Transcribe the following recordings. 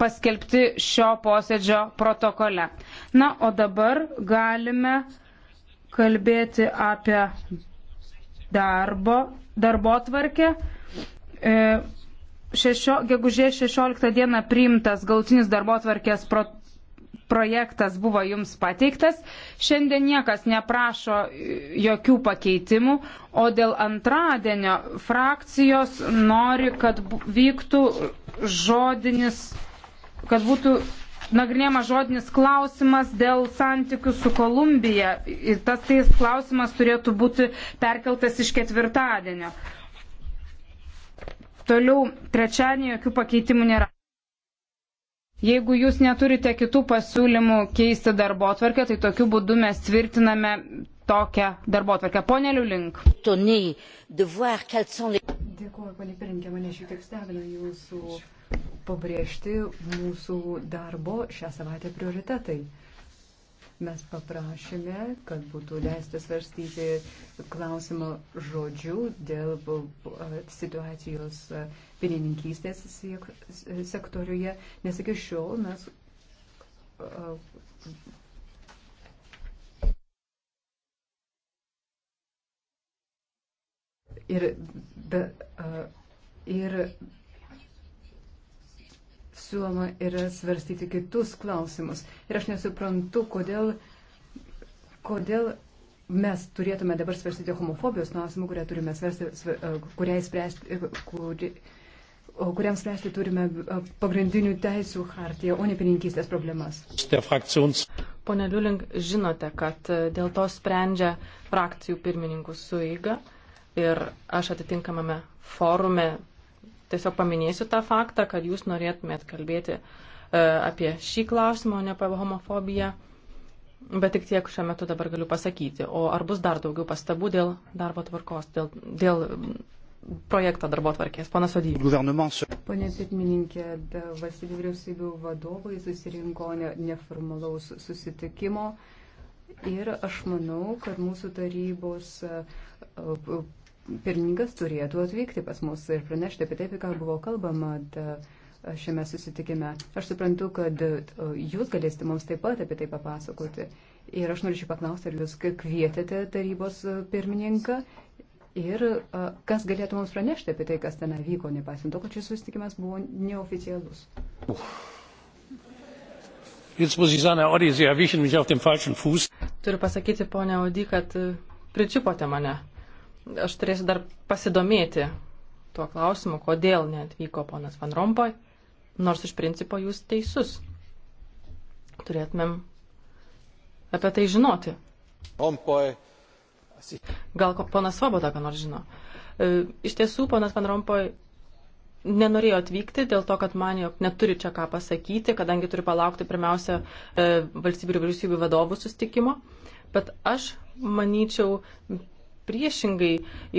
paskelbti šio posėdžio protokole. Na, o dabar galime kalbėti apie darbo, darbo tvarkę. E, šešio, gegužės 16 dieną priimtas gautinis darbo tvarkės pro, projektas buvo jums pateiktas. Šiandien niekas neprašo jokių pakeitimų, o dėl antradienio frakcijos nori, kad vyktų žodinis kad būtų nagrinėjama žodinis klausimas dėl santykių su Kolumbija. Ir tas tais klausimas turėtų būti perkeltas iš ketvirtadienio. Toliau trečiadienį jokių pakeitimų nėra. Jeigu jūs neturite kitų pasiūlymų keisti darbo atvarkę, tai tokiu būdu mes tvirtiname tokią darbo atvarkę. Pone Liulink. Dėkuoju, panipirinkė, mane šiek tiek stebina jūsų pabrėžti mūsų darbo šią savaitę prioritetai. Mes paprašėme, kad būtų leista svarstyti klausimą žodžių dėl situacijos pienininkystės sektoriuje, nes iki šiol mes ir, be, ir siūloma yra svarstyti kitus klausimus. Ir aš nesuprantu, kodėl, kodėl mes turėtume dabar svarstyti homofobijos klausimų, kurią turime svarsti, e, kuriai spręsti, e, kuri, kuriam spręsti turime e, pagrindinių teisų hartiją, o ne pininkystės problemas. Pone Liulink, žinote, kad dėl to sprendžia frakcijų pirmininkų suiga ir aš atitinkamame forume tiesiog paminėsiu tą faktą, kad jūs norėtumėt kalbėti e, apie šį klausimą, o ne apie homofobiją. Bet tik tiek šiuo metu dabar galiu pasakyti. O ar bus dar daugiau pastabų dėl darbo tvarkos, dėl, dėl projekto darbo tvarkės? Pana Sodį. Pane pirmininkė, valstybių vyriausybių vadovai susirinko neformalaus susitikimo. Ir aš manau, kad mūsų tarybos e, pirmininkas turėtų atvykti pas mus ir pranešti apie tai, apie ką buvo kalbama da, šiame susitikime. Aš suprantu, kad jūs galėsite mums taip pat apie tai papasakoti. Ir aš norėčiau paklausti, ar jūs kvietėte tarybos e, pirmininką ir e, kas galėtų mums pranešti apie tai, kas ten vyko, nepaisant to, kad šis susitikimas buvo neoficialus. Uf. Turiu pasakyti, ponia Audy, kad e, pričiupote mane. Aš turėsiu dar pasidomėti tuo klausimu, kodėl neatvyko ponas Van Rompoj, nors iš principo jūs teisus. Turėtumėm apie tai žinoti. Rompoj. Gal ponas Svoboda, ką nors žino. E, iš tiesų, ponas Van Rompoj nenorėjo atvykti dėl to, kad man jog neturi čia ką pasakyti, kadangi turi palaukti pirmiausia e, valstybių ir vyriausybių vadovų sustikimo. Bet aš manyčiau, priešingai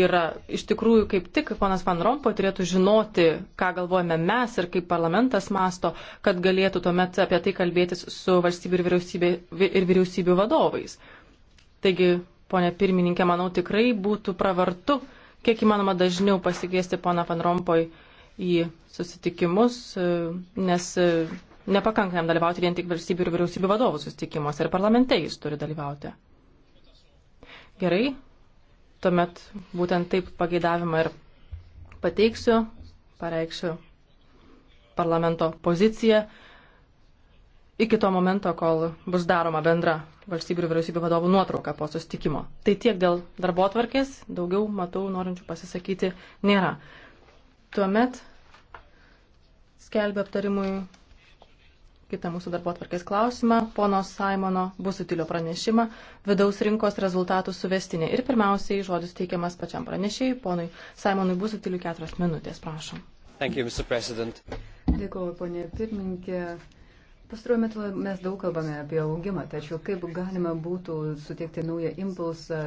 yra. Iš tikrųjų, kaip tik ponas Van Rompo turėtų žinoti, ką galvojame mes ir kaip parlamentas masto, kad galėtų tuomet apie tai kalbėtis su valstybių ir, vyriausybė, ir vyriausybių vadovais. Taigi, ponė pirmininkė, manau tikrai būtų pravartu, kiek įmanoma dažniau pasikviesti poną Van Rompoj į susitikimus, nes nepakanka jam dalyvauti vien tik valstybių ir vyriausybių vadovų susitikimuose ir parlamente jis turi dalyvauti. Gerai, tuomet būtent taip pageidavimą ir pateiksiu, pareikšiu parlamento poziciją iki to momento, kol bus daroma bendra valstybių ir vyriausybių vadovų nuotrauka po sustikimo. Tai tiek dėl darbo atvarkės, daugiau, matau, norinčių pasisakyti nėra. Tuomet skelbia aptarimui kitą mūsų darbo atvarkės klausimą, pono Simono Busutilio pranešimą, vidaus rinkos rezultatų suvestinė. Ir pirmiausiai žodis teikiamas pačiam pranešėjai, ponui Simonui Busutiliu keturias minutės, prašom. Thank you, Dėkuoju, ponė pirmininkė. Pastaruoju metu mes daug kalbame apie augimą, tačiau kaip galima būtų suteikti naują impulsą